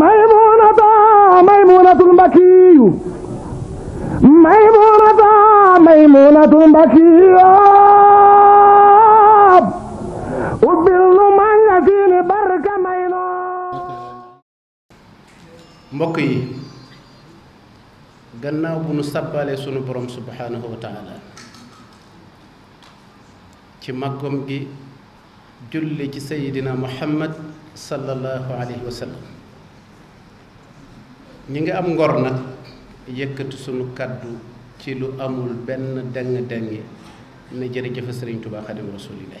maymunata maymunatul mbakiyu maymunata maymunatul mbakiyu mbokk yi gannaaw bu nu sàbbalee sunu borom subhaanahu wa taala ci màggom gi julli ci sayidina muhammad sallallahu alayhi wa sallam ñi ngi am ngor nag yëkkati sunu kàddu ci lu amul benn deng deng ne jërëjëf sëriñ Tuubaa Xaadimu Rasuulillah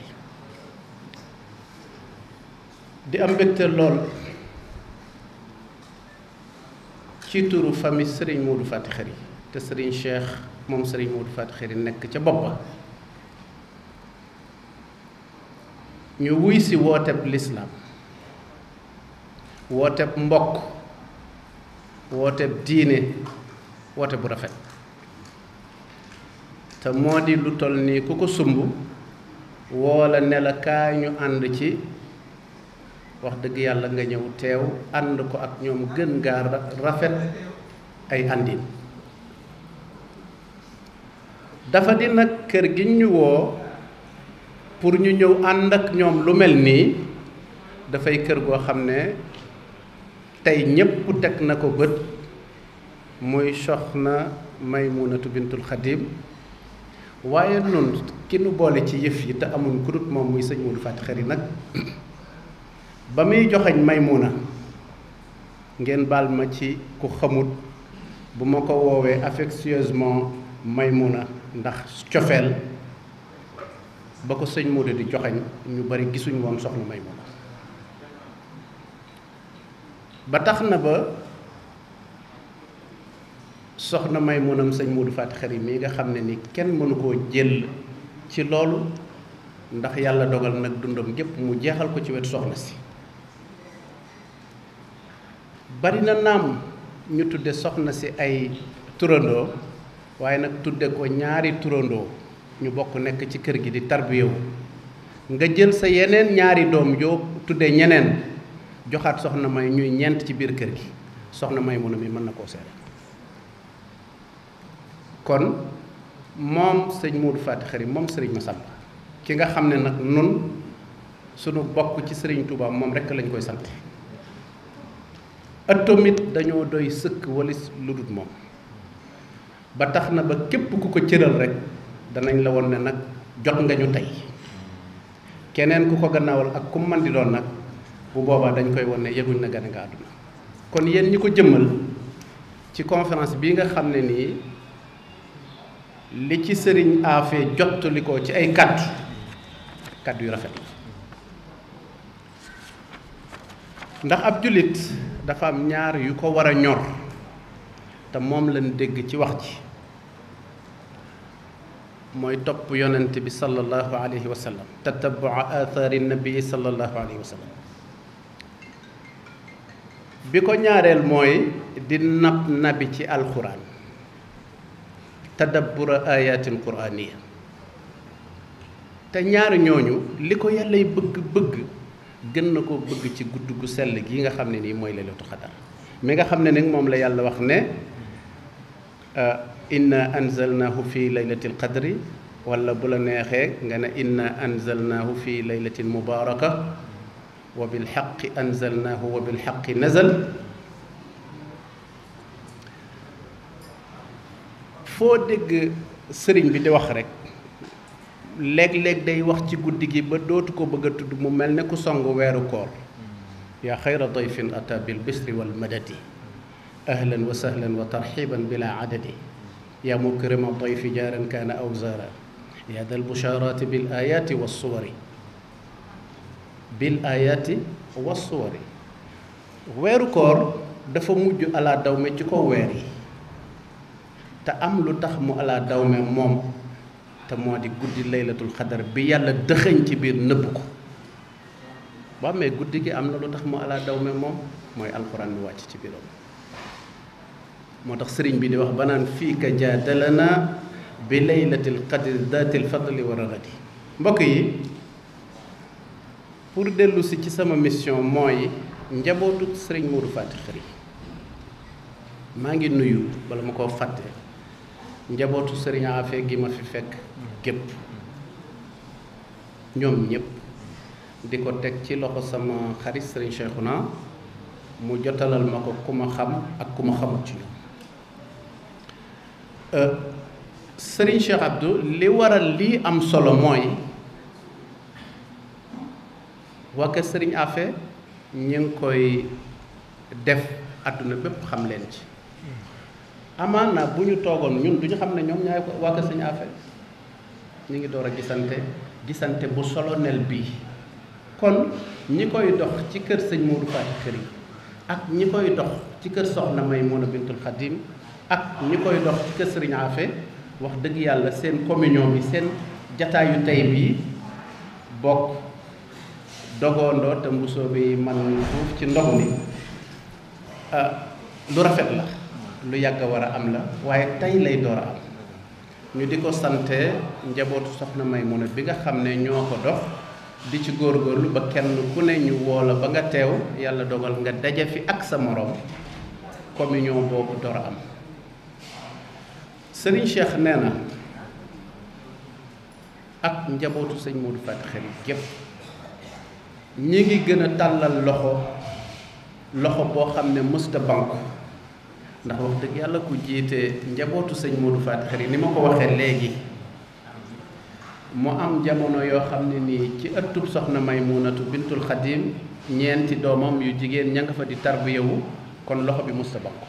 di am mbégte lool ci turu famille sëriñ Modou Faty Khary te sëriñ Cheikh moom sëriñ Modou Faty Khary nekk ca bopp ñu wuy si wooteb lislaam wooteb mbokk woote diine woote bu rafet te moo di lu toll nii ku ko sumb woola ne la kaa ñu ànd ci wax dëgg yàlla nga ñëw teew ànd ko ak ñoom gën ngaa rafet ay àndin dafa di kër gi ñu woo pour ñu ñëw ànd ak ñoom lu mel nii dafay kër goo xam ne tey ñépp teg na ko bët muy soxna Maymunatu bintul Xadim waaye nun ki nu boole ci yëf yi te amul ku moom muy sëñ Modou Faty Khary nag ba muy joxeñ Maymuna ngeen baal ma ci ku xamut bu ma ko woowee affectueusement Maymuna ndax cofeel ba ko sëñ Modou di joxeñ ñu bari gisuñu woon soxna Maymuna ba tax na ba soxna may munam sëñ Modou Faty Khary mii nga xam ne ni kenn mënu koo jël ci loolu ndax yàlla dogal nag dundam gépp mu jeexal ko ci wet soxna si bari na naam ñu tudde soxna si ay turandoo waaye nag tudde ko ñaari turandoo ñu bokk nekk ci kër gi di tarbiyewu nga jël sa yeneen ñaari doom yoo tudde ñeneen joxat soxna may ñuy ñent ci biir kër gi soxna may mu mi mën na koo kon mom sëñ Modou Fati Xari moom sëriñ Massamba ki nga xam ne nun sunu bokk ci sëriñ Touba moom rek lañ koy sant atomit dañoo doy sëkk walis lu mom moom ba tax na ba képp ku ko cëral rek danañ la won ne nag jot nga ñu tey keneen ku ko gannaawal ak ku man di doon nag bu boobaa dañ koy wan ne yëguñ na gane nga àdduna kon yéen ñi ko jëmmal ci conference bii nga xam ne nii li ci sëriñ Afé jottali ci ay kàddu kàddu yu rafet ndax ab jullit dafa am ñaar yu ko war a ñor te moom lan dégg ci wax ji mooy topp yonent bi sallallahu alayhi wa sallam tatabua athari nabii alayhi wa biko ñaarel moy di nap nabi ci alquran tadabbur ayatin quraniya te ñaar ñooñu liko yalla yàllay bëgg-bëgg gën nako bëgg ci gudd gu sel gi nga xamne ni moy mooy laylatu mi nga xamne ne mom la yàlla wax ne inna anzalnahu fi laylatil qadri wala bu la neexee nga ne inna anzalnahu fi laylatin mubarakah وبالحق أنزلناه وبالحق نزل فودك دغ سيرين بي دي واخ رك ليك ليك داي واخ سي غوديغي با يا خير ضيف اتى بالبسر والمدد اهلا وسهلا وترحيبا بلا عدد يا مكرم الضيف جار كان أوزارا يا ذا البشارات بالايات والصور bil ayati wa suwari weeru koor dafa mujj ala dawme ci kaw weer yi te am lu tax mu ala dawme moom te moo di guddi laylatul xadar bi yàlla dëxëñ ci biir nëbb ko ba amee guddi gi am na lu tax mu ala moom mooy alxuraan bi wàcc ci biiram moo tax sëriñ bi di wax banaan fii ka jaadalana bi laylatil qadri daatil fadli wa ragadi mbokk yi pour dellusi ci sama mission mooy njabootu sëriñ Modou Faty maa ngi nuyu bala ma koo fàtte njabootu sëriñ Afé gi ma fi fekk gépp ñoom ñëpp di ko teg ci loxo sama xarit sëriñ Cheikhouna mu jotalal ma ko ku ma xam ak ku ma xamut ci ñoom euh, sëriñ Cheikh li waral lii am solo mooy waa kër Serigne Affe ñu ngi koy def àdduna bépp xam leen ci amaan na bu ñu toogoon ñun du ñu xam ne ñoom ñaay ko waa kër Serigne Affe ñu ngi door a gisante gisante bu solonel bii kon ñi koy dox ci kër sëñ Modou ak ñi koy dox ci kër Soxna Maymuna Bintul Xadim ak ñi koy dox ci kër Serigne Affe wax dëgg yàlla seen communion bi seen jataayu tey bii bokk dogoondoo te mbusoo bi man fuuf ci ndox mi ah, lu rafet la lu yàgg war a am la waaye tey lay door am ñu di ko sante njabootu soxna Maymuna bi nga xam ne ñoo ko dox di ci góorgóorlu ba kenn ku ne ñu woo ba nga teew yàlla dogal nga daje fi ak sa moroom communion boobu door am sëriñ Cheikh nee na ak njabootu sëñ Modou Faty Khary gépp ñi ngi gën a tàllal loxo loxo boo xam ne mësta banque ndax wax dëgg yàlla ku jiite njabootu sëñ Modou Faty Khary ni ma ko waxee léegi mu am jamono yoo xam ne nii ci ëttub soxna may Maymunatu bintul Xadim ñeenti doomam yu jigéen ña nga fa di tarbiyewu kon loxo bi mësta banque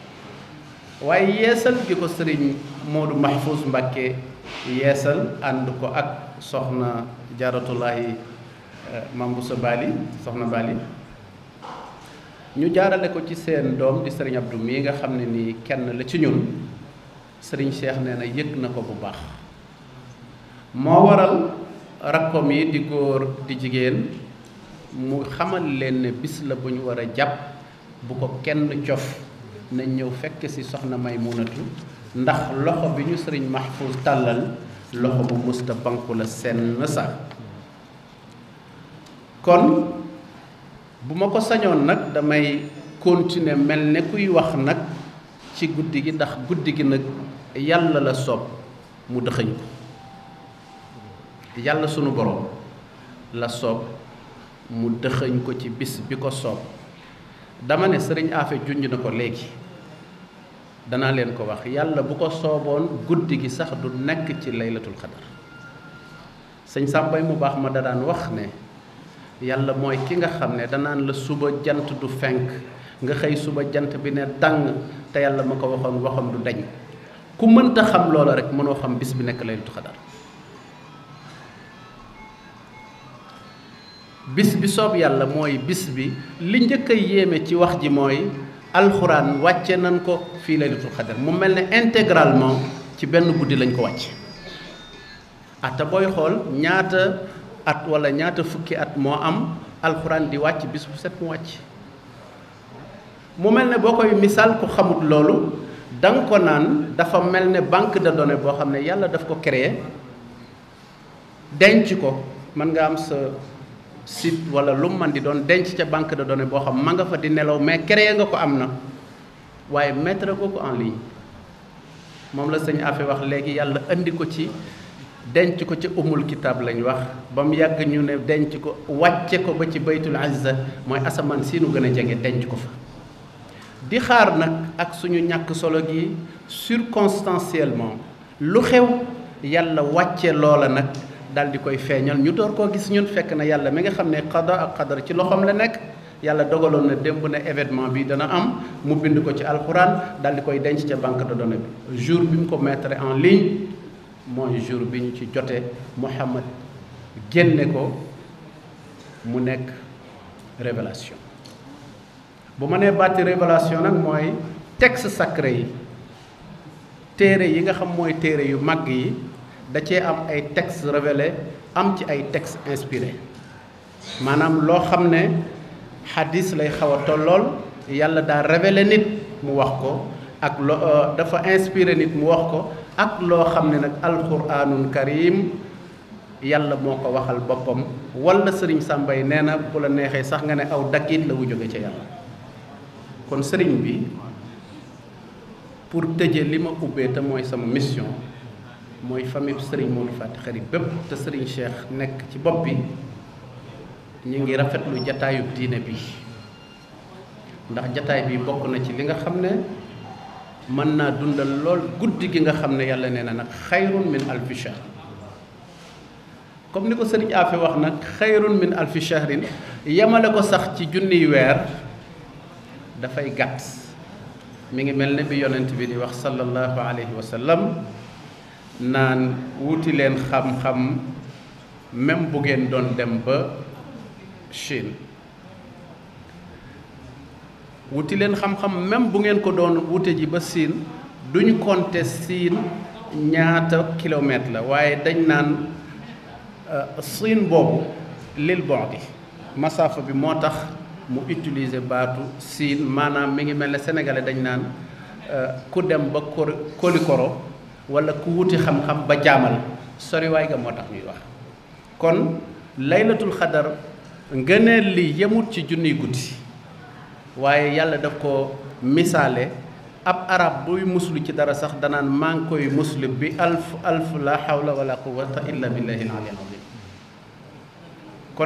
waaye yeesal gi ko sëriñ Modou Mahfouz Mbacké yeesal ànd ko ak soxna Jaaratullaahi mam so bali soxna bali ñu jaarale ko ci seen dom di serigne abdou mi nga xam ni kenn la ci ñun serigne cheikh neena na nako bu baax mo waral rakkom yi di góor di jigen, mu xamal leen ne bis la bu wara japp bu ko kenn ciof na ñew fekk si soxna maymunatu ndax loxo bi ñu sëriñ mahfouz talal loxo bu musta banku la na sax kon bu ma ko sañoon nag damay continuer mel ne kuy wax nag ci guddi gi ndax guddi gi nag yàlla la soob mu dëxëñ ko yàlla sunu borom la soob mu dëxëñ ko ci bis bi ko soob dama ne sëriñ Afe junj na ko léegi danaa leen ko wax yàlla bu ko sooboon guddi gi sax du nekk ci laylatul xadar sëñ Sàmbay mu baax ma da daan wax ne yalla moy ki nga xamne da nan la suba jant du fenk nga xey suba jant bi ne dang te yalla mako waxon waxam du dañ ku ta xam loola rek mëno xam bis bi nek laylatul qadar bis bi soob yalla moy bis bi li njëkk yeme ci wax ji moy alquran wacce nan ko fi laylatul qadar mu melne intégralement ci benn guddi lañ ko wacce ata boy xol ñaata at wala ñaata fukki at moo am alxuraan di wàcc bis bu set mu wàcc mu mel ne boo koy misaal ku xamut loolu da nga ko naan dafa mel ne banque de données boo xam ne yàlla daf ko créer denc ko mën nga am sa site wala lum man di doon denc ca banque de données boo xam ma nga fa di nelaw mais créer nga ko am na waaye mettre ko ko en lii moom la sëñ Afé wax léegi yàlla indi ko ci denc ko ca umul kitaab lañ wax ba mu yàgg ñu ne denc ko wàcce ko ba ci baytul azza mooy asamaan si nu gën a jege denc ko fa di xaar nag ak suñu ñàkk solo gi circonstanciellement lu xew yàlla wàcce loola nag dal di koy feeñal ñu door koo gis ñun fekk na yàlla mi nga xam ne qada ak qadar ci loxoom la nekk yàlla dogaloon na démb ne événement bi dana am mu bind ko ci alxuraan dal di koy denc ca banque de données bi jour bi mu ko mettre en ligne mooy jour bi ñu ci jotee Muhammad génne ko mu nekk révélation bu ma nee baati révélation nag mooy texte sacré yi téere yi nga xam mooy téere yu màgg yi da cee am ay texte révélé am ci ay texte inspiré maanaam loo xam ne xadis lay xaw a tollool yàlla daal révélé nit mu wax ko ak lo euh, dafa inspiré nit mu wax ko ak lo xamne nak alquranul karim yalla moko waxal bopam wala serigne sambay neena na bu la neexee sax nga ne aw dakit la wu joge ci yalla kon serigne bi pour teje lima ubbe ta moy sama mission moy fami serigne Modou Faty Khary bepp te serigne Cheikh nek ci bop bi ñi ngi rafetlu diine bi ndax jotaay bi bokku na ci li nga xamne mën naa dundal lol guddi gi nga xamne yàlla neena nak khairun min alf shahr comme niko serigne afi wax nak khairun min alf shahr yemale ko sax ci junni wer da fay gàtt mi ngi mel bi yonent bi di wax sallallahu alayhi wa sallam nan wuti len xam-xam même bu gen don dem ba Chine wuti leen xam-xam même bu ngeen ko doon wute ji ba siin duñ compter siin ñaata kilomètre la waaye dañ naan euh, siin boobu lil bordi masaafa bi moo tax mu utiliser baatu siin maanaam mi ngi mel ne sénégalais dañ naan euh, ku dem ba kor kolikoro wala ku wuti xam-xam ba jaamal soriwaay ga moo tax ñuy wax kon laylatul xadar ngëneel li yemut ci junniy guddi waaye yàlla def ko misaale ab arab buy muslu ci dara sax danaan maa ngi koy muslu bi alf alf la hawla wala quwwata illa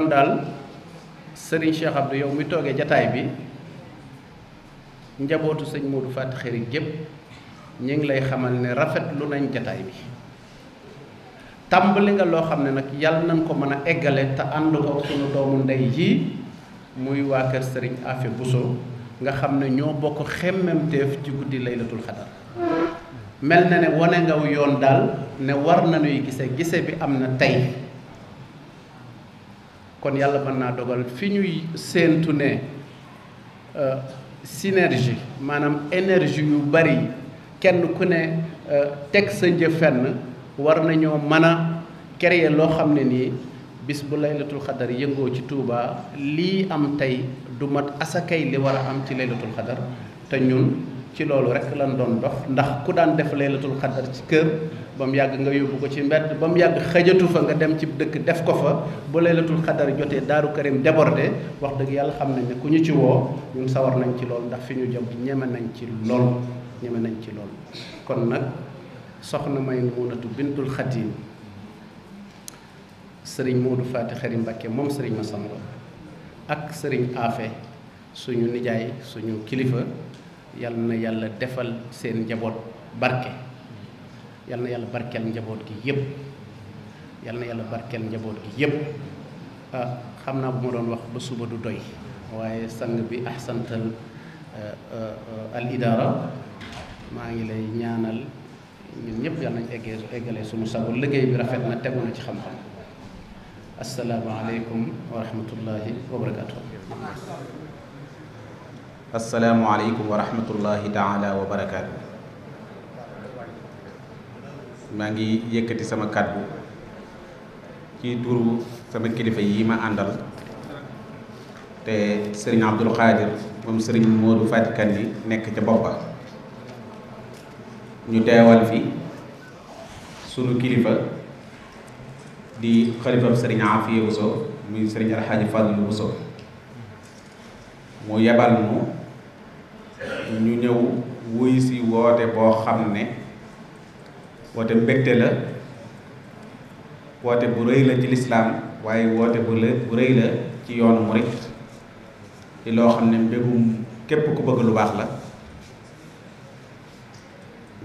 daal sëriñ yow mi toogee jataay bi njabootu sëñ Modou Faty gépp ñu ngi lay xamal ne rafet lu nañ jataay bi tàmbali nga loo xam ne nag yàlla nañ ko mën a eggale te ànd ko sunu doomu ndey yii muy waa kër Serigne Affe Bousso nga xam ne ñoo bokk xemmemteef ci guddi laylatul xadar mel na ne wane nga yoon daal ne war nañuy gise gise bi am na tey kon yàlla mën naa dogal fi ñuy séentu ne euh, synergie maanaam énergie yu bari kenn ku ne euh, teg sa njëf fenn war nañoo mën a créer loo xam ne nii bis bu laylatul xadar yëngoo ci Touba lii am tey du mat asakay li war a am ci laylatul xadar te ñun ci loolu rek lan doon dox ndax ku daan def laylatul xadar ci kër ba mu yàgg nga yóbbu ko ci mbedd ba mu yàgg xëjatu fa nga dem ci dëkk def ko fa bu laylatul xadar jotee daaru karim débordé wax dëgg yàlla xam nañ ne ku ñu ci woo ñun sawar nañ ci lool ndax fi ñu jëm ñeme nañ ci loolu ñeme nañ ci loolu kon nag soxna may muunatu bintul xadim sëriñ Modou Faty Khary mbakke moom sëriñ Massamba Lo ak sëriñ Afe suñu nijaay suñu kilifa yal na yàlla defal seen njaboot barke yal na yàlla barkeel njaboot gi yépp yàlla barkeel njaboot gi yépp ah, xam naa bu ma doon wax ba suba du doy waaye sang bi ahsantal eh, eh, al idaara maa ngi lay ñaanal ñun ñëpp yal nañ eggee eggale suñu sago liggéey bi rafet na tegu na ci xam-xam asalaamaaleykum wa rahmatullahi wa barakaatu. asalaamaaleykum wa rahmatullahi taala wa barakaatu. maa ngi yëkkati sama kàddu ci turu sama kilifa yi ma àndal te sëriñ Abdul Xaadir moom sëriñ Modou Fatikan yi nekk ca boppa ñu teewal fi sunu kilifa. di xalifab sëriñ Afiya Bousso muy sëriñ Alxaaji Fàllu Bousso mu yebal mu ñu ñëw wuy si woote boo xam ne woote mbégte la woote bu rëy la ci lislaam waaye woote bu la bu rëy la ci yoonu murit di loo xam ne mbégum képp ku bëgg lu baax la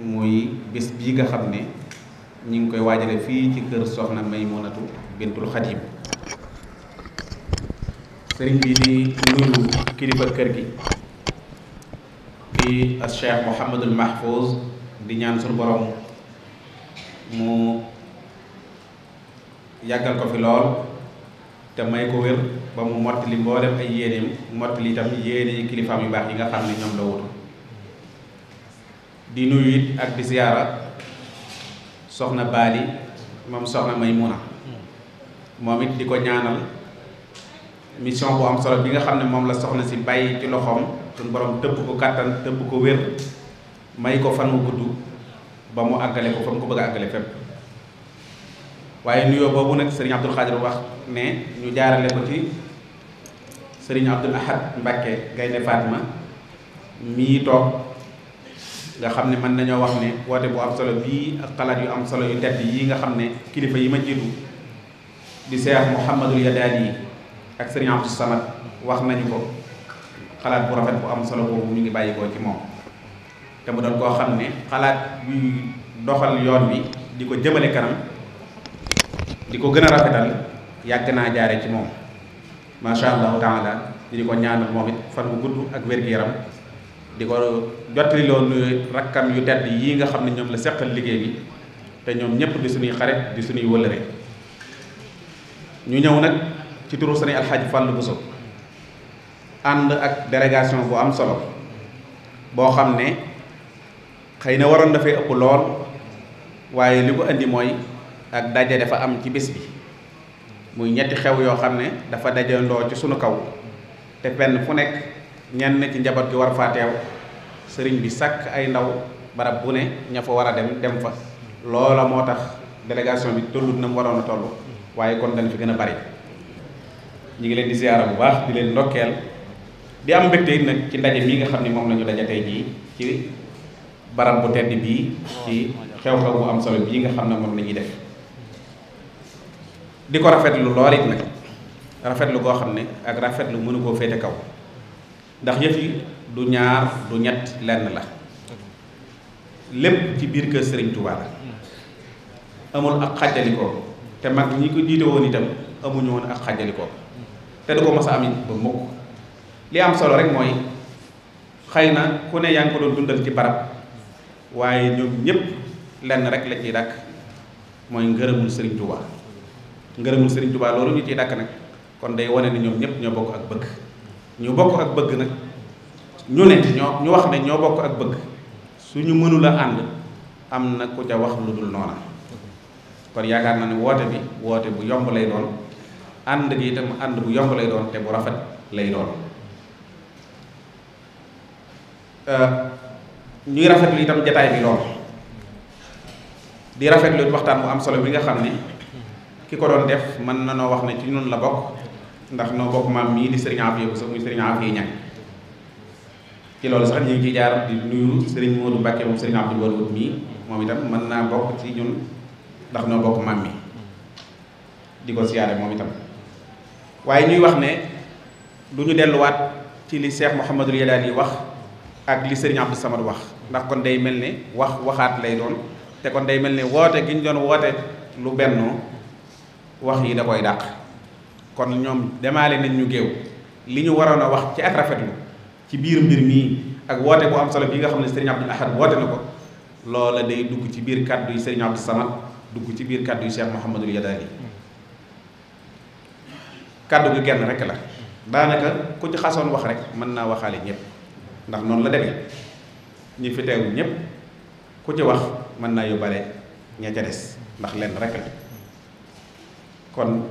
muy bis bii nga xam ne ñu ngi koy waajale fii ci kër soxna Maymunatu bintul Xadim sëriñ bi di nuyu kilifa kër gi di as cheikh Mouhamadul di ñaan suñu borom mu yàggal ko fi lool te may ko wér ba mu mottali mboolem ay yéeneem mottali itam yéene kilifaam yu baax yi nga xam ne ñoom la wutu di nuyu it ak di soxna bali mom soxna Maymuna momit diko ñaanal mission bu am solo bi nga xamne mom la soxna si bàyyi ci loxom sun borom tepp ko katan tepp ko wer may ko fan mu gudd ba mu agale ko fa ko bëgg agale fep waye nuyo bobu nak serigne abdou Abdul wax ne ñu jaarale ko ci serigne Abdul Ahad mbacke gayne Fatma mi tok nga xam ne mën nañoo wax ne woote bu am solo bii ak xalaat yu am solo yu tedd yi nga xam ne kilifa yi ma jiitu di Seex Muhammadul Yadaali yi ak Sëriñ Abdou Samad wax nañu ko xalaat bu rafet bu am solo boobu ñu ngi bàyyi ko ci moom te mu doon koo xam ne xalaat yuy doxal yoon wi di ko jëmale kanam di ko gën a rafetal yàgg naa jaare ci moom macha allahu taala di ko ñaanal moom it fan bu gudd ak wér-gu-yaram di ko jottali loo nuyu rakkam yu tedd yii nga xam ne ñoom la seqal liggéey bi te ñoom ñëpp di suñuy xarit di suñuy wëlëre ñu ñëw nag ci turu sëriñ Alxaaji bu Buso ànd ak délégation bu am solo boo xam ne xëy na waroon dafay ëpp lool waaye li ko indi mooy ak daje dafa am ci bis bi muy ñetti xew yoo xam ne dafa dajandoo ci suñu kaw te fenn fu nekk ñenn ci njabot gi war fa tew sëriñ bi sak ay ndaw barab bu ne ña fa wara dem dem fa loola motax délégation bi tollut na mu waroon a toll kon dañ fi gëna bari ñi ngi leen di ziara bu baax di leen ndokkel di am mbekté nak ci ndaje mi nga xamni mom lañu dajé tay ji ci barab bu tedd bi ci xew-xew bu am solo bi nga xamna mom lañuy def di rafetlu lolit nak rafetlu go xamne ak rafetlu mënu ko fété kaw ndax yëf yi du ñaar du ñett lenn la lépp ci biir kër Serigne Touba la amul ak xàjjalikoo te mag ñi ko jiite woon itam amuñu woon ak xàjjalikoo te du ko mos a am ba mukk li am solo rek mooy xëy na ku ne yaa ngi dundal ci barab waaye ñoom ñëpp lenn rek la ciy dàkk mooy ngërëmul Serigne Touba ngërëmul Serigne Touba loolu ñu ciy dàkk nag kon day wane na ñoom ñëpp ñoo bokk ak bëgg. ñu bokk ak bëgg nag ñu ne ñoo ñu wax ne ñoo bokk ak bëgg suñu mënul a ànd am na ku ca wax lu dul noona kon yaakaar na ne woote bi woote bu yomb lay doon ànd gi itam ànd bu yomb lay doon te bu rafet lay doon euh, ñuy rafet rafetlu itam jataay bi lool di rafetlu waxtaan bu am solo bi nga xam ne ki ko doon def mën na noo wax ne ci ñun la bokk ndax noo bokk maam mii di sëriñ Afia bu sax muy sëriñ Afia ñag ci loolu sax ñu ngi ciy jaar di nuyu sëriñ Modou Mbacke moom sëriñ Abdou Wadoud mii moom itam mën naa bokk ci ñun ndax noo bokk maam mi di ko moom itam waaye ñuy wax ne du ñu delluwaat ci li Cheikh Mouhamadul Yadaan yi wax ak li sëriñ Abdou Samad wax ndax kon day mel ne wax waxaat lay doon te kon day mel ne woote gi ñu doon woote lu bennoo wax yi da koy dàq kon ñoom demaale nañ ñu géew li ñu waroon a wax ci ak rafetlu ci biir mbir mii ak woote bu am solo bi nga xam ne sëriñ Abdul Ahad woote na ko loola day dugg ci biir kàddu yi sëriñ Abdou Samad dugg ci biir kàddu yi Cheikh Mouhamadul Yadaali kàddu gi genn rek la daanaka ku ci xasoon wax rek mën naa waxaale ñépp ndax noonu la deme ñu fi teew ñépp ku ci wax mën naa yóbbaale ña ca des ndax lenn rek la kon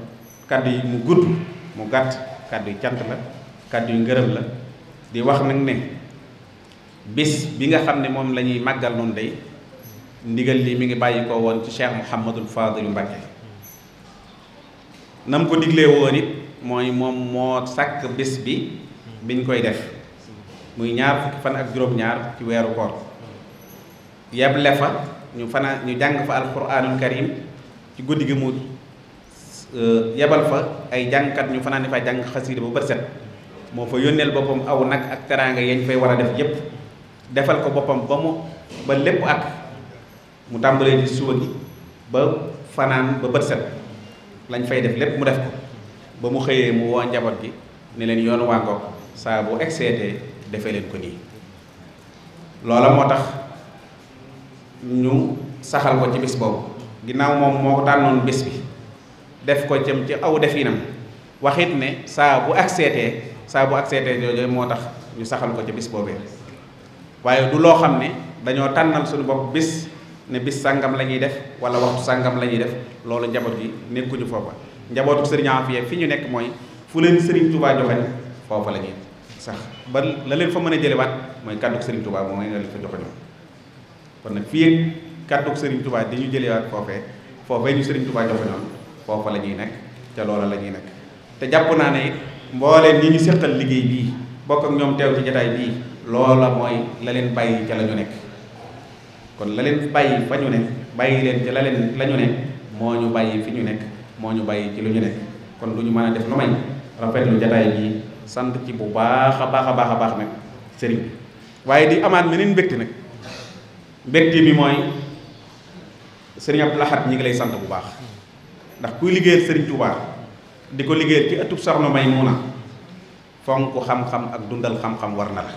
kaddu yi mu gudd mu gàtt kaddu yi cant la kaddu yu ngërëm la di wax nag ne bis bi nga xam ne moom lañuy ñuy màggal noonu dey ndigal li mi ngi bàyyi ko woon ci Cheikh Mouhamadul Fadil Mbacke na mu ko diglee woon it mooy moom moo sàkk bis bi biñ koy def muy ñaar fukki fan ak juróom-ñaar ci weeru koor yeble fa ñu fanaa ñu jàng fa alquranul karim ci guddi gi mu Eh, yabal fa ay jankat ñu fanaane fa jang xasiida bu barset mo fa yónneel bopam aw nak ak teranga yañ fay wara def yeb defal ko bopam ba mu ba lepp ak mu tambale di suba gi ba fanaan ba barset lañ fay def lepp mu def ko ba mu xeye mu wo njabot gi ne len yoon wa ngok sa bu excété defee ko ni lola motax ñu saxal ko ci bis bobu ginaaw mom moko tanon bis bi def ko jëm ci aw definam waxit ne saa bu ak seetee saa bu ak seetee jooju moo tax ñu saxal ko ci bis boobee waaye du loo xam ne dañoo tànnal suñu bopp bis ne bis sàngam la ñuy def wala waxtu sàngam la ñuy def loolu njaboot gi nekkuñu foofa njabootu sëriñ Afia fi ñu nekk mooy fu leen sëriñ tubaa joxañ foofa la ñuy sax ba la leen fa mën a jëlewaat mooy kàddug sëriñ Touba moom mooy la leen fa kon nag fii ak kàddug sëriñ tubaa di ñu jëlewaat foofee foofee ñu sëriñ Touba joxañoon foofa la ñuy nekk ca loola lañuy ñuy nekk te jàpp naa ne mbooleem ñi ñu seqal liggéey bii bokk ak ñoom teew ci jataay bii loola mooy la leen bàyyi ca la nekk kon la leen bàyyi fa ñu ne bàyyi leen ca la lañu la ñu ne moo ñu bàyyi fi ñu nekk moo ñu bàyyi ci lu ñu nekk kon lu ñu mën a def lu may rafetlu jataay bii sant ci bu baax a baax a baax a baax nag sëriñ waaye di amaat meneen mbégte nag mbégte bi mooy sëriñ Abdou Lahad ñi ngi lay sant bu baax ndax kuy liggéeyal Serigne Touba di ko liggéeyal ci ëttub Soxna Maymuna fonk xam-xam ak dundal xam-xam war na la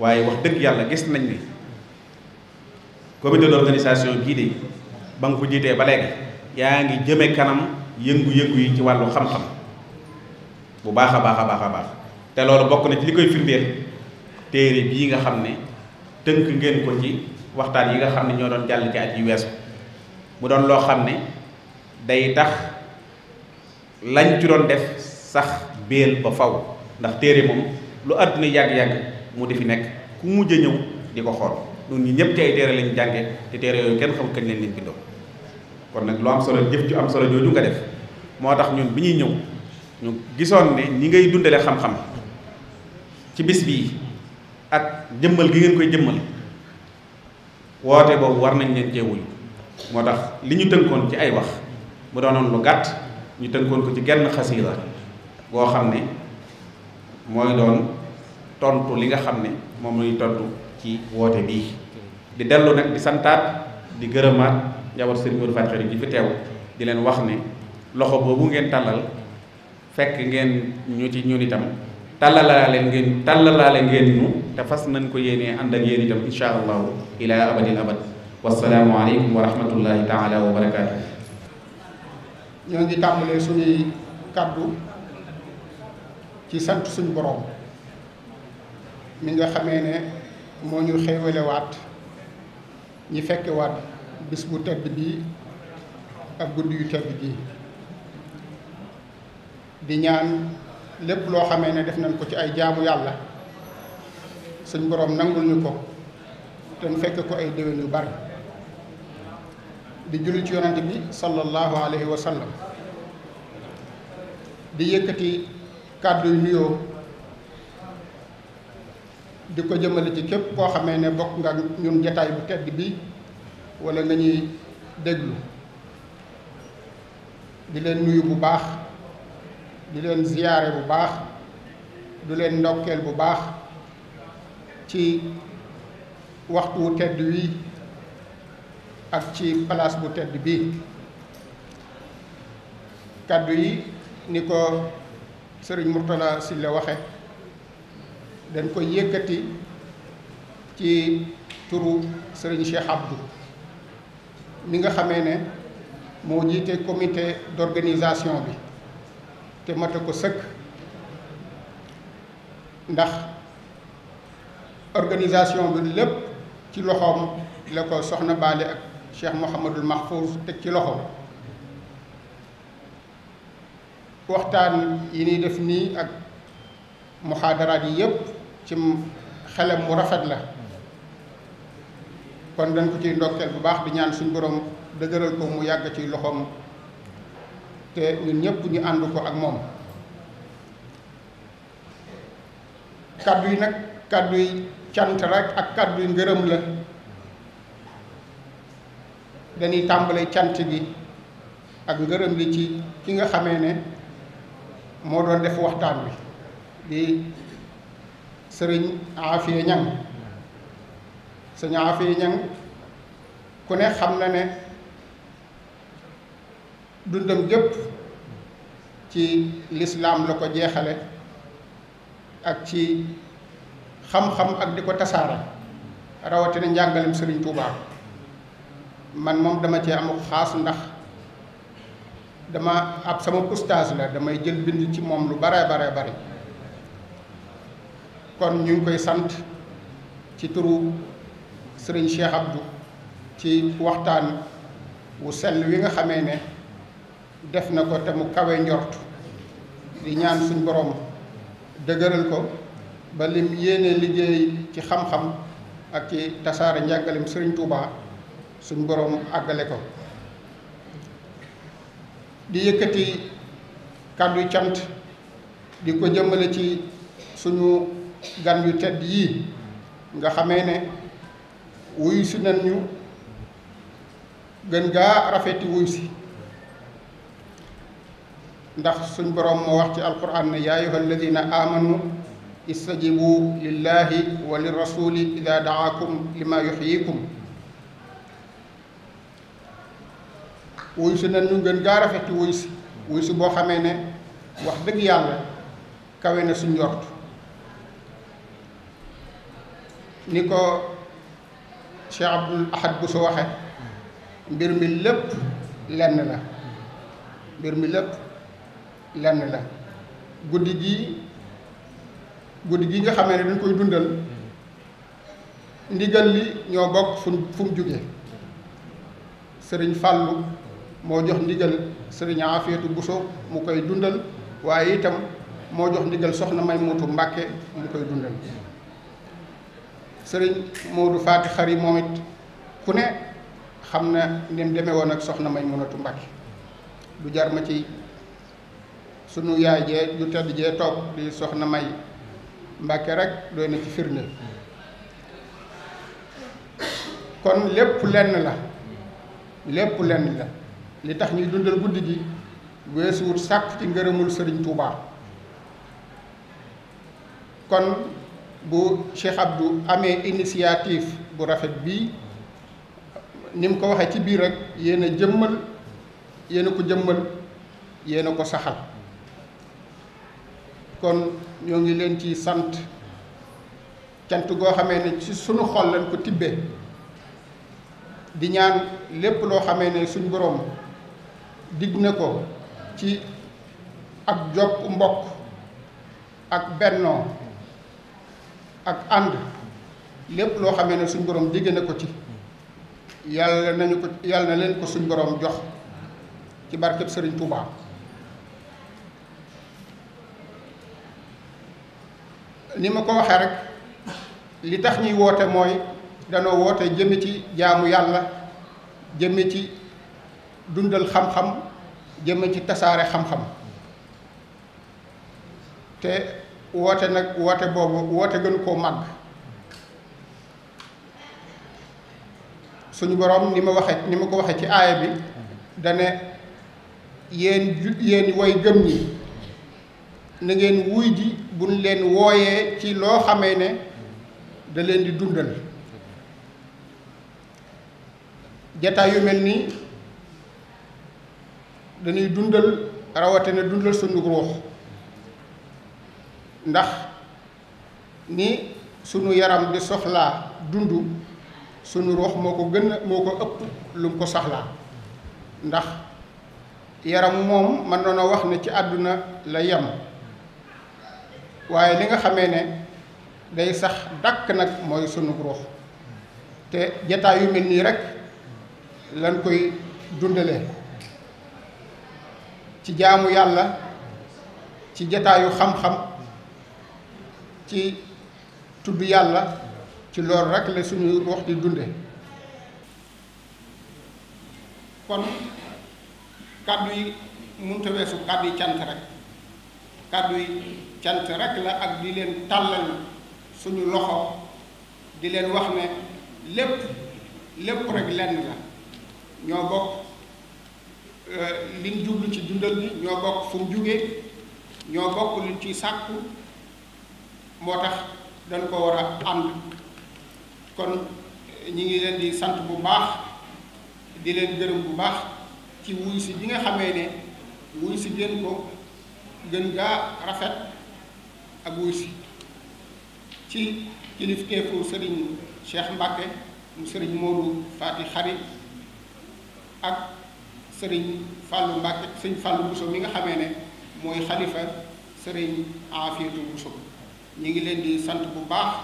waaye wax dëgg yàlla gis nañ ni comité d'organisation bii de ba nga ko jiitee ba léegi yaa ngi jëme kanam yëngu-yëngu yi ci wàllu xam-xam bu baax a baax a baax a baax te loolu bokk na ci li koy firndeel téere bii nga xam ne tënk ngeen ko ci waxtaan yi nga xam ne ñoo doon jàll ci yu wees weesu mu doon loo xam ne day tax lañ ci doon def sax béel ba faw ndax téere moom lu àdduna yàgg-yàgg mu di fi nekk ku mujj a ñëw di ko xool ñun ñu ñëpp ci ay téere lañ jànge te téere yooyu kenn xamul kañ leen lañ bindoo kon nag lu am solo jëf ju am solo jooju nga def moo tax ñun bi ñuy ñëw ñu gisoon ne ñi ngay dundale xam-xam ci bis bii ak jëmmal gi ngeen koy jëmmal woote boobu war nañ leen cee moo tax li ñu tënkoon ci ay wax bu doonoon lu gàtt ñu tënkoon ko ci genn ton boo xam ne mooy doon tontu li nga xam ne moom lañuy tontu ci woote bii di dellu nag di santaat di gërëmaat njaboot sëriñ Modou Fatou Khary fi teew di leen wax ne loxo boobu ngeen tàllal fekk ngeen ñu ci ñun itam leen ngeen leen ngeen ñu te fas nañ ko yéenee ànd ak yéen itam incha allahu ila abadil abad wa rahmatullahi taala wa barakaatu ñoo ngi tàmbalee suñuy kàddu ci sant suñu boroom mi nga xamee ne moo ñu xéewale waat ñi fekke waat bis bu tedd bii ak guddi yu tedd bii di ñaan lépp loo xamee ne def nañ ko ci ay jaamu yàlla suñ borom nangul ñu ko te fekkee ko ay déwén yu bari di julli ci yonent bi sallallahu alayhi wa sallam di yëkkati kàddu yu nuyoo di ko jëmale ci képp koo xamee ne bokk nga ñun jataay bu tedd bi wala nga ñuy déglu di leen nuyu bu baax di leen ziyaare bu baax di leen ndokkeel bu baax ci waxtu wu tedd wi ak ci place bu tedd bi kàddu yi ni ko serigne murtala sille waxe dañ ko yëkkati ci turu serigne Cheikh Abdou mi nga xamé ne mo jité comité d'organisation bi te mata ko sëkk ndax organisation bi lépp ci loxom la ko soxna balé ak Cheikh Mouhamadul Mahfouz teg ci loxo waxtaan yi ñuy def nii ak muxaadaraat yi yépp ci xelam mu rafet la kon dañ ko ciy ndokkeel bu baax di ñaan suñ boroom dëgëral ko mu yàgg ci loxoom te ñun ñëpp ñu ànd ko ak moom kàddu yi nag kàddu yi cant rek ak kàddu yi ngërëm la dañuy tàmbale cant gi ak ngërëm li ci ki nga xamee ne moo doon def waxtaan bi di sëriñ Afia Ñang sëñ Afia Ñang ku ne xam na ne dundam gépp ci lislaam la ko jeexale ak ci xam-xam ak di ko tasaare rawatina njàngalem sëriñ Touba. man moom dama cee amuk xaas ndax dama ab sama ustaas la damay jël bind ci moom lu bare bare bari kon ñu ngi koy sant ci turu sëriñ Cheikh Abdou ci waxtaan wu sell wi nga xamee ne def na ko te mu kawe njort di ñaan suñ borom dëgëral ko ba lim yéene liggéey ci xam-xam ak ci tasaare njàngalem sëriñ Touba. suñ boroom àggale ko di yëkkati kàddu cant di ko jëmmale ci suñu gan yu tedd yii nga xamee ne wuyu si nan ñu gën gaa rafeti wuyu si ndax suñ boroom moo wax ci alquran ne yaa ayyuha istajibu lillahi wa lirasuli ida daakum lima yuxyikum wuyu si nan ñu gën gaa rafet ci wuyu si wuyu si boo xamee ne wax dëgg yàlla kawe na suñ njort ni ko Cheikh Abdoul Ahad bu su waxe mbir mi lépp lenn la mbir mi lépp lenn la guddi gi guddi gii nga xamee ne dañ koy dundal ndigal li ñoo bokk fu fu mu jóge sëriñ Fàllu moo jox ndigal sëriñaa Afiyatu Buso mu koy dundal waaye itam moo jox ndigal soxna May Muutu Mbàkke mu koy dundal sëriñ Moodu Faati Xari moom it ku ne xam na ni mu demee woon ak soxna May Munatu Mbàkke du jar ma ci sunu yaay jee du tedd jee toog di soxna May Mbàkke rek doy na ci firnde kon lépp lenn la lépp lenn la li tax ñuy dundal guddi gi weesuwut sàkk ci ngërëmul sëriñ Touba kon bu Cheikh bu amee initiative bu rafet bii ni mu ko waxee ci biir rek yéen a jëmmal yéen ko jëmmal yéen a ko saxal kon ñoo ngi leen ci sant cant goo xame ne ci sunu xol lañ ko tibbee di ñaan lépp loo xamee ne suñ boroom digg na ko ci ak jokk mbokk ak bennoo ak ànd lépp loo xamee ne suñ borom digg na ko ci yàlla nañu ko yàlla na leen ko suñ boroom jox ci barkeb Sëriñ Tuubaa ni ma ko waxee rek li tax ñuy woote mooy danoo woote jëme ci jaamu yàlla jëme ci dundal xam-xam jëme ci tasaare xam-xam te woote nag woote boobu woote gënu koo màgg suñu boroom ni ma waxe ni ma ko waxee ci aaya bi dane yéen ju yéen way gëm ñi na ngeen wuy ji buñ leen wooyee ci loo xamee ne da leen di dundal jataay mel nii dañuy dundal rawatina dundal sunu ruux ndax ni sunu yaram di soxlaa dund sunu ruux moo ko gën moo ko ëpp lu mu ko soxlaa ndax yaram moom man noona wax ne ci àdduna la yem waaye li nga xamee ne day sax dàkk nag mooy sunu ruux te jataay yu mel nii rek lan koy dundale ci jaamu yàlla ci jataayu xam-xam ci tudd yàlla ci loolu rek la suñu wax di dunde kon kàddu yi mënta weesu kàddu yi cant rek kàddu yi cant rek la ak di leen tàllal suñu loxo di leen wax ne lépp lépp rek lenn la ñoo bokk Eh, liñ jublu ci dundal gi ño bok fu mu ño bok lu ci sakku motax ko wara and kon eh, ñi ngi leen di sant bu baax di leen gërëm bu baax ci wuy ci bi nga xamé né wuy ci gën ko gën ga rafet ak wuy ci ci kilifteefu serigne Cheikh Mbacke mu serigne Modou fatih Xari ak sëriñ Fallou Mbacke sëriñ Fallou Bousso mi nga xamee ne mooy xalifa sëriñ Afiatou Bousso ñu ngi leen di sant bu baax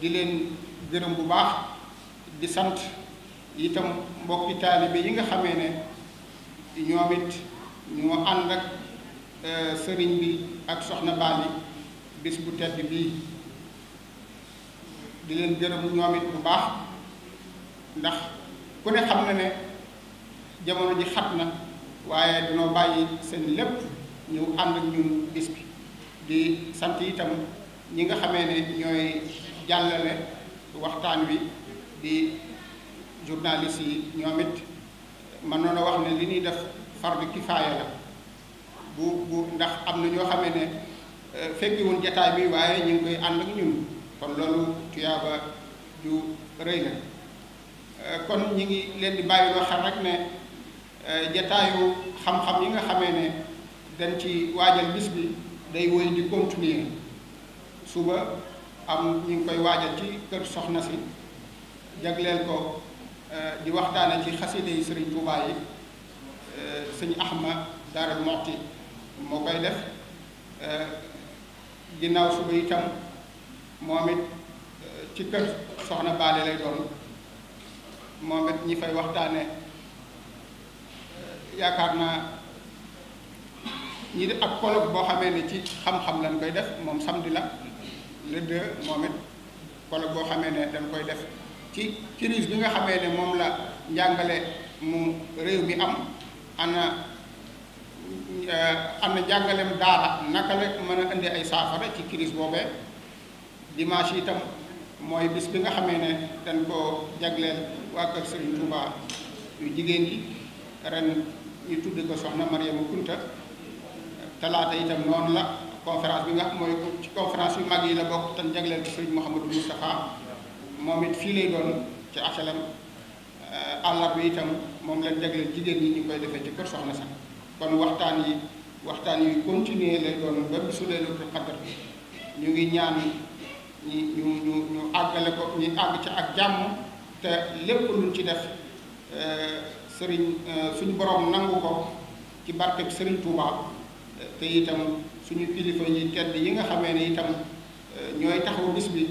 di leen gërëm bu baax di sant itam mbokki taalibe yi nga xamee ne ñoom it ñoo ànd ak euh, sëriñ bi ak soxna Bali bis bu tedd bii di leen gërëm ñoom bu baax ndax ku ne xam na ne jamono ji xat na waaye dañoo bàyyi seen lépp ñu ànd ak ñun bis bi di sant yi itam ñi nga xamee ne ñooy jàllale waxtaan wi di journaliste yi ñoom it man noonu wax ne li ñuy def fardu kifaaya la bu bu ndax am na ñoo xamee ne euh, fekkiwuñ jataay bi waaye ñu ngi koy ànd ak ñun kon loolu tuyaaba ju rëy la euh, kon ñi ngi leen di bàyyi loo xam rek ne jataayu xam-xam yi nga xamee ne dañ ci waajal bis bi day wëy di continuer suba am ñu ngi koy waajal ci kër soxna si jagleel ko di waxtaane ci xaside yi sëriñ Tuubaa yi sëñ Ahma Daaru Muxti moo koy def ginnaaw suba itam moom it ci kër soxna Baale lay doon moom it ñi fay waxtaane yaakaar naa ñi de ak colloque boo xamee ne ci xam-xam lañ koy def moom samedi la le moom it colloque boo xamee ne dañ koy def ci crise bi nga xamee ne moom la njàngale mu réew mi am ana eh, am na njàngaleem daara naka la mën a indi ay saafara ci crise boobee dimanche itam mooy bis bi nga xamee ne dañ ko jagleel waa kër Serigne Touba yu jigéen yi ren ñu tudd ko soxna Mariama Kunta talaata itam noonu la conférence bi nga xam mooy ci conférence mag yi la bokk te jagleel ko sëriñ Mouhamadou Moustapha moom it fii lay doon ci asalam euh, àllar bi itam moom lañ jagleel jigéen ñi ñu koy defee ci kër soxna sax kon waxtaan yi waxtaan yu continuer lay doon ba bisu laylatul qadr ñu ngi ñaan ñi ñu ñu ñu àggale ko ñu àgg ci ak jàmm te lépp luñ ci def euh, sëriñ euh, suñ borom nangu ko ci barkeb sëriñ Touba te itam suñu kilifa yi tedd yi nga xamee ne itam euh, ñooy taxawu bis bi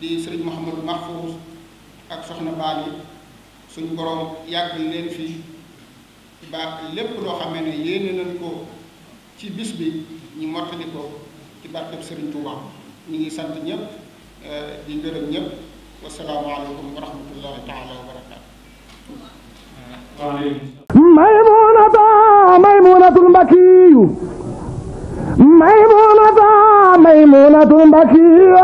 di sëriñ Mouhamadou Mahfouz ak soxna Bali suñu borom yàgg leen fi ba lépp loo xamee ne yéene nañ ko ci bis bi ñu mottali ko ci barkeb sëriñ Touba ñu ngi sant ñëpp euh, di ngërëm ñëpp wasalaamualeykum wa rahmatullahi taala wa maymunata maymunatul mbakiyu maymunata maymunatul mbakiyu